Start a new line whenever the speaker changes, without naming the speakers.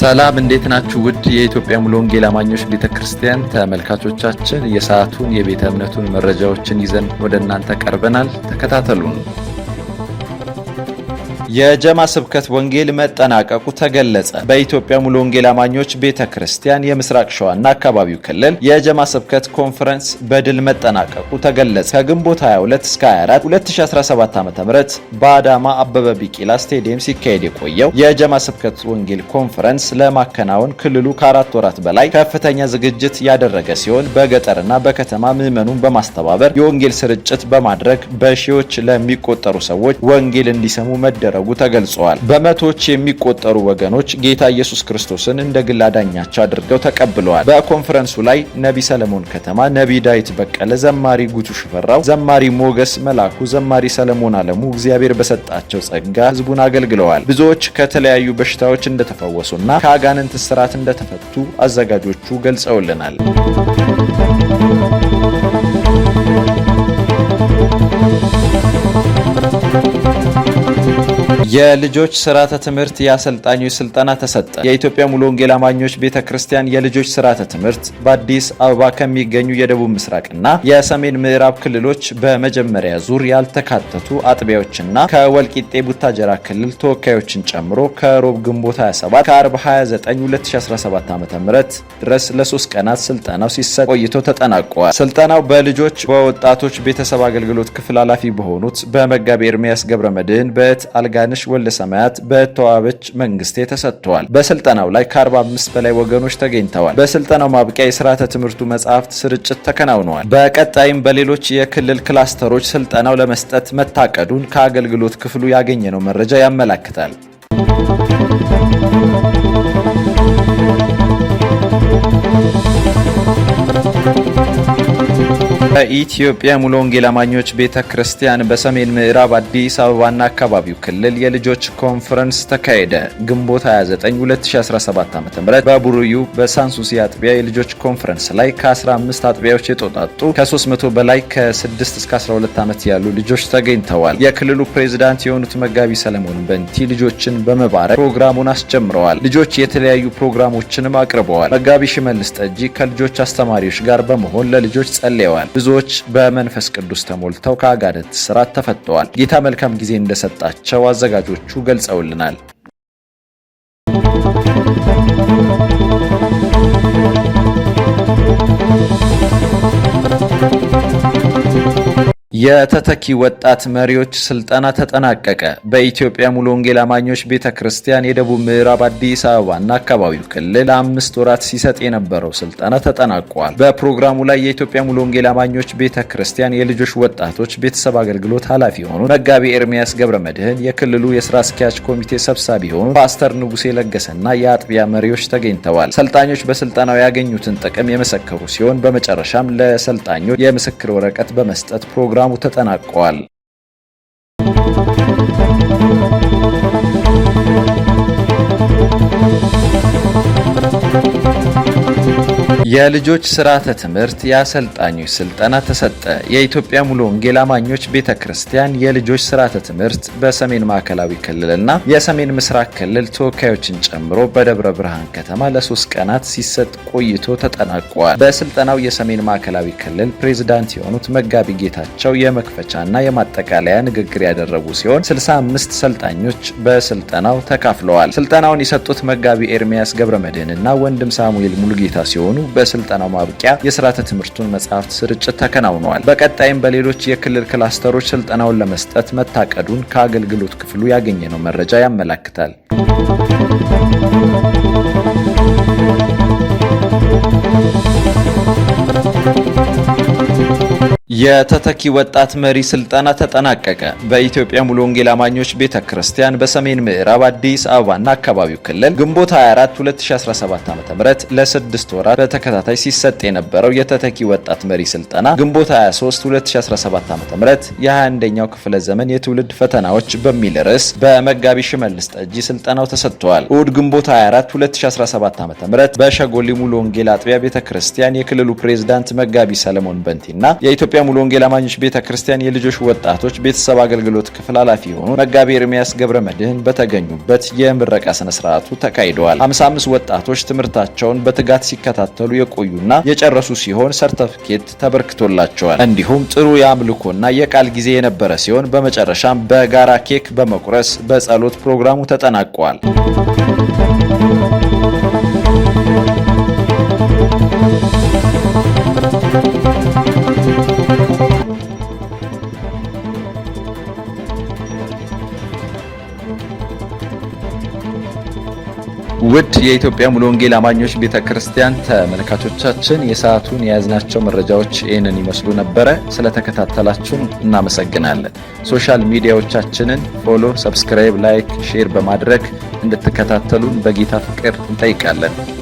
ሰላም እንዴት ናችሁ? ውድ የኢትዮጵያ ሙሉ ወንጌል አማኞች ቤተ ክርስቲያን ተመልካቾቻችን የሰዓቱን የቤተ እምነቱን መረጃዎችን ይዘን ወደ እናንተ ቀርበናል። ተከታተሉን። የጀማ ስብከት ወንጌል መጠናቀቁ ተገለጸ። በኢትዮጵያ ሙሉ ወንጌል አማኞች ቤተ ክርስቲያን የምስራቅ ሸዋና አካባቢው ክልል የጀማ ስብከት ኮንፈረንስ በድል መጠናቀቁ ተገለጸ። ከግንቦት 22 እስከ 24 2017 ዓ.ም በአዳማ አበበ ቢቂላ ስቴዲየም ሲካሄድ የቆየው የጀማ ስብከት ወንጌል ኮንፈረንስ ለማከናወን ክልሉ ከአራት ወራት በላይ ከፍተኛ ዝግጅት ያደረገ ሲሆን በገጠርና በከተማ ምዕመኑን በማስተባበር የወንጌል ስርጭት በማድረግ በሺዎች ለሚቆጠሩ ሰዎች ወንጌል እንዲሰሙ መደረ ማድረጉ ተገልጸዋል። በመቶዎች የሚቆጠሩ ወገኖች ጌታ ኢየሱስ ክርስቶስን እንደ ግል አዳኛቸው አድርገው ተቀብለዋል። በኮንፈረንሱ ላይ ነቢ ሰለሞን ከተማ፣ ነቢ ዳዊት በቀለ፣ ዘማሪ ጉቱ ሽፈራው፣ ዘማሪ ሞገስ መላኩ፣ ዘማሪ ሰለሞን አለሙ እግዚአብሔር በሰጣቸው ጸጋ ህዝቡን አገልግለዋል። ብዙዎች ከተለያዩ በሽታዎች እንደተፈወሱና ከአጋንንት ስርዓት እንደተፈቱ አዘጋጆቹ ገልጸውልናል። የልጆች ስርዓተ ትምህርት የአሰልጣኞች ስልጠና ተሰጠ። የኢትዮጵያ ሙሉ ወንጌል አማኞች ቤተ ክርስቲያን የልጆች ስርዓተ ትምህርት በአዲስ አበባ ከሚገኙ የደቡብ ምስራቅና የሰሜን ምዕራብ ክልሎች በመጀመሪያ ዙር ያልተካተቱ አጥቢያዎችና ከወልቂጤ ቡታጀራ ክልል ተወካዮችን ጨምሮ ከሮብ ግንቦት 27 ከአርብ 29 2017 ዓ ም ድረስ ለሶስት ቀናት ስልጠናው ሲሰጥ ቆይቶ ተጠናቋል። ስልጠናው በልጆች በወጣቶች ቤተሰብ አገልግሎት ክፍል ኃላፊ በሆኑት በመጋቢ ኤርሚያስ ገብረ መድህን በት አልጋን ስመኝሽ ወልደ ሰማያት በተዋበች መንግስቴ ተሰጥቷል። በስልጠናው ላይ ከ45 በላይ ወገኖች ተገኝተዋል። በስልጠናው ማብቂያ የስርዓተ ትምህርቱ መጽሐፍት ስርጭት ተከናውነዋል። በቀጣይም በሌሎች የክልል ክላስተሮች ስልጠናው ለመስጠት መታቀዱን ከአገልግሎት ክፍሉ ያገኘነው መረጃ ያመላክታል። በኢትዮጵያ ሙሉ ወንጌል አማኞች ቤተ ክርስቲያን በሰሜን ምዕራብ አዲስ አበባና አካባቢው ክልል የልጆች ኮንፈረንስ ተካሄደ። ግንቦት 29 2017 ዓ.ም በቡሩዩ በሳንሱሲ አጥቢያ የልጆች ኮንፈረንስ ላይ ከ15 አጥቢያዎች የተውጣጡ ከ300 በላይ ከ6 እስከ 12 ዓመት ያሉ ልጆች ተገኝተዋል። የክልሉ ፕሬዝዳንት የሆኑት መጋቢ ሰለሞን በንቲ ልጆችን በመባረክ ፕሮግራሙን አስጀምረዋል። ልጆች የተለያዩ ፕሮግራሞችንም አቅርበዋል። መጋቢ ሽመልስ ጠጂ ከልጆች አስተማሪዎች ጋር በመሆን ለልጆች ጸልየዋል። ብዙዎች በመንፈስ ቅዱስ ተሞልተው ከአጋንንት ስራት ተፈተዋል። ጌታ መልካም ጊዜ እንደሰጣቸው አዘጋጆቹ ገልጸውልናል። የተተኪ ወጣት መሪዎች ስልጠና ተጠናቀቀ። በኢትዮጵያ ሙሉ ወንጌል አማኞች ቤተ ክርስቲያን የደቡብ ምዕራብ አዲስ አበባና አካባቢው ክልል አምስት ወራት ሲሰጥ የነበረው ስልጠና ተጠናቋል። በፕሮግራሙ ላይ የኢትዮጵያ ሙሉ ወንጌል አማኞች ቤተ ክርስቲያን የልጆች ወጣቶች ቤተሰብ አገልግሎት ኃላፊ የሆኑ መጋቢ ኤርሚያስ ገብረ መድህን፣ የክልሉ የስራ አስኪያጅ ኮሚቴ ሰብሳቢ የሆኑ ፓስተር ንጉሴ ለገሰና የአጥቢያ መሪዎች ተገኝተዋል። ሰልጣኞች በስልጠናው ያገኙትን ጥቅም የመሰከሩ ሲሆን በመጨረሻም ለሰልጣኞች የምስክር ወረቀት በመስጠት ፕሮግራም ፕሮግራሙ ተጠናቀዋል። የልጆች ስርዓተ ትምህርት፣ የአሰልጣኞች ስልጠና ተሰጠ። የኢትዮጵያ ሙሉ ወንጌል አማኞች ቤተ ክርስቲያን የልጆች ስርዓተ ትምህርት በሰሜን ማዕከላዊ ክልልና የሰሜን ምስራቅ ክልል ተወካዮችን ጨምሮ በደብረ ብርሃን ከተማ ለሶስት ቀናት ሲሰጥ ቆይቶ ተጠናቋል። በስልጠናው የሰሜን ማዕከላዊ ክልል ፕሬዝዳንት የሆኑት መጋቢ ጌታቸው የመክፈቻና የማጠቃለያ ንግግር ያደረጉ ሲሆን 65 ሰልጣኞች በስልጠናው ተካፍለዋል። ስልጠናውን የሰጡት መጋቢ ኤርሚያስ ገብረ መድህንና ወንድም ሳሙኤል ሙሉጌታ ሲሆኑ በስልጠናው ማብቂያ የስርዓተ ትምህርቱን መጽሐፍት ስርጭት ተከናውነዋል። በቀጣይም በሌሎች የክልል ክላስተሮች ስልጠናውን ለመስጠት መታቀዱን ከአገልግሎት ክፍሉ ያገኘነው መረጃ ያመላክታል። የተተኪ ወጣት መሪ ስልጠና ተጠናቀቀ። በኢትዮጵያ ሙሉ ወንጌል አማኞች ቤተ ክርስቲያን በሰሜን ምዕራብ አዲስ አበባና አካባቢው ክልል ግንቦት 24 2017 ዓ.ም ለስድስት ወራት በተከታታይ ሲሰጥ የነበረው የተተኪ ወጣት መሪ ስልጠና ግንቦት 23 2017 ዓ.ም የ21ኛው ክፍለ ዘመን የትውልድ ፈተናዎች በሚል ርዕስ በመጋቢ ሽመልስ ጠጅ ስልጠናው ተሰጥተዋል እሁድ ግንቦት 24 2017 ዓ.ም በሸጎሌ ሙሉ ወንጌል አጥቢያ ቤተ ክርስቲያን የክልሉ ፕሬዝዳንት መጋቢ ሰለሞን በንቲና የኢትዮጵያ ሙሉ ወንጌል አማኞች ቤተ ክርስቲያን የልጆች ወጣቶች ቤተሰብ አገልግሎት ክፍል ኃላፊ የሆኑ መጋቢ ኤርሚያስ ገብረ መድህን በተገኙበት የምረቃ ስነ ስርዓቱ ተካሂደዋል። 55 ወጣቶች ትምህርታቸውን በትጋት ሲከታተሉ የቆዩና የጨረሱ ሲሆን ሰርተፍኬት ተበርክቶላቸዋል። እንዲሁም ጥሩ የአምልኮና የቃል ጊዜ የነበረ ሲሆን በመጨረሻም በጋራ ኬክ በመቁረስ በጸሎት ፕሮግራሙ ተጠናቋል። ውድ የኢትዮጵያ ሙሉ ወንጌል አማኞች ቤተ ክርስቲያን ተመልካቾቻችን የሰዓቱን የያዝናቸው መረጃዎች ይህንን ይመስሉ ነበረ። ስለተከታተላችሁን እናመሰግናለን። ሶሻል ሚዲያዎቻችንን ፎሎ፣ ሰብስክራይብ፣ ላይክ፣ ሼር በማድረግ እንድትከታተሉን በጌታ ፍቅር እንጠይቃለን።